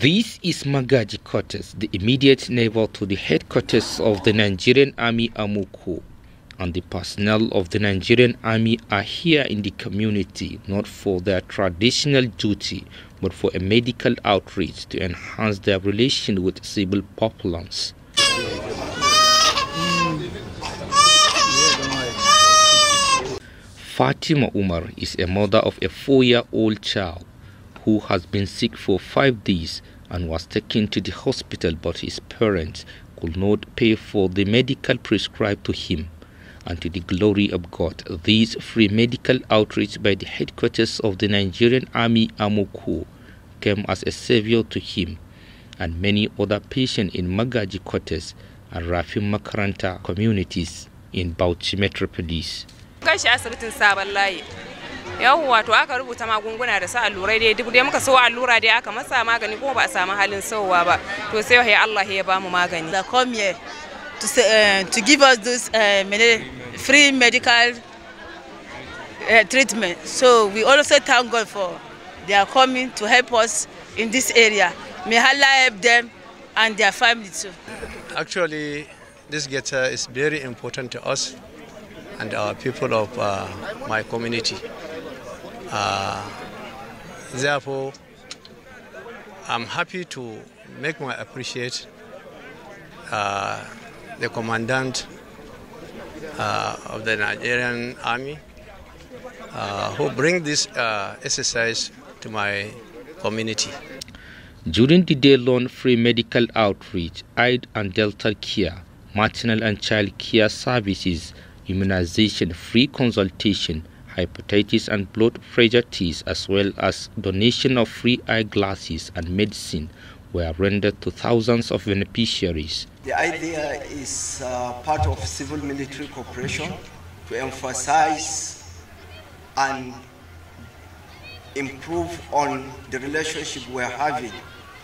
This is Magaji Quarters, the immediate neighbor to the headquarters of the Nigerian Army Amuku. And the personnel of the Nigerian Army are here in the community not for their traditional duty but for a medical outreach to enhance their relation with civil populace. Fatima Umar is a mother of a four year old child who has been sick for five days and was taken to the hospital, but his parents could not pay for the medical prescribed to him. And to the glory of God, these free medical outreach by the headquarters of the Nigerian Army Amoko came as a savior to him and many other patients in Magaji quarters and Rafin Makaranta communities in Bauchi metropolis yawwa to aka rubuta magunguna da sa allurai dai duk dai muka so allura dai aka masa magani kuma ba a samu halin sauwa ba to sai ya Allah ya ba mu magani da come here to say, uh, to give us this uh, free medical uh, treatment so we also thank God for they are coming to help us in this area may Allah help them and their family too actually this ghetto is very important to us and our people of uh, my community. Uh, therefore, I'm happy to make my appreciate uh, the commandant uh, of the Nigerian army uh, who bring this uh, exercise to my community. During the day-long free medical outreach, eye and delta care, maternal and child care services, immunization, free consultation, hepatitis and blood pressure tests, as well as donation of free eyeglasses and medicine, were rendered to thousands of beneficiaries. The idea is uh, part of civil military cooperation to emphasize and improve on the relationship we're having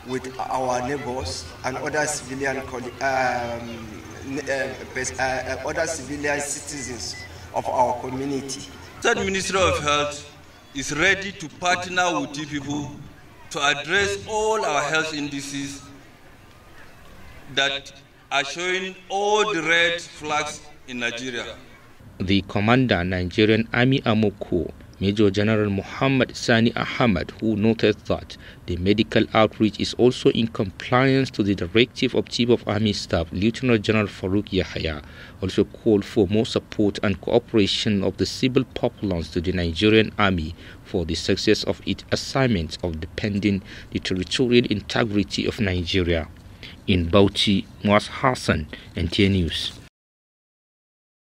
with our neighbors and other civilian, um, uh, uh, uh, other civilian citizens of our community. Pakistan Ministry of Health is ready to partner with people to address all our health indices that are showing all the red flags in Nigeria. The commander, Nigerian Army Amoku, Major General Muhammad Sani Ahmad, who noted that the medical outreach is also in compliance to the directive of Chief of Army Staff Lieutenant General Farouk Yahya, also called for more support and cooperation of the civil populace to the Nigerian Army for the success of its assignment of defending the territorial integrity of Nigeria. In Bauchi, Moaz Hassan, NTA News.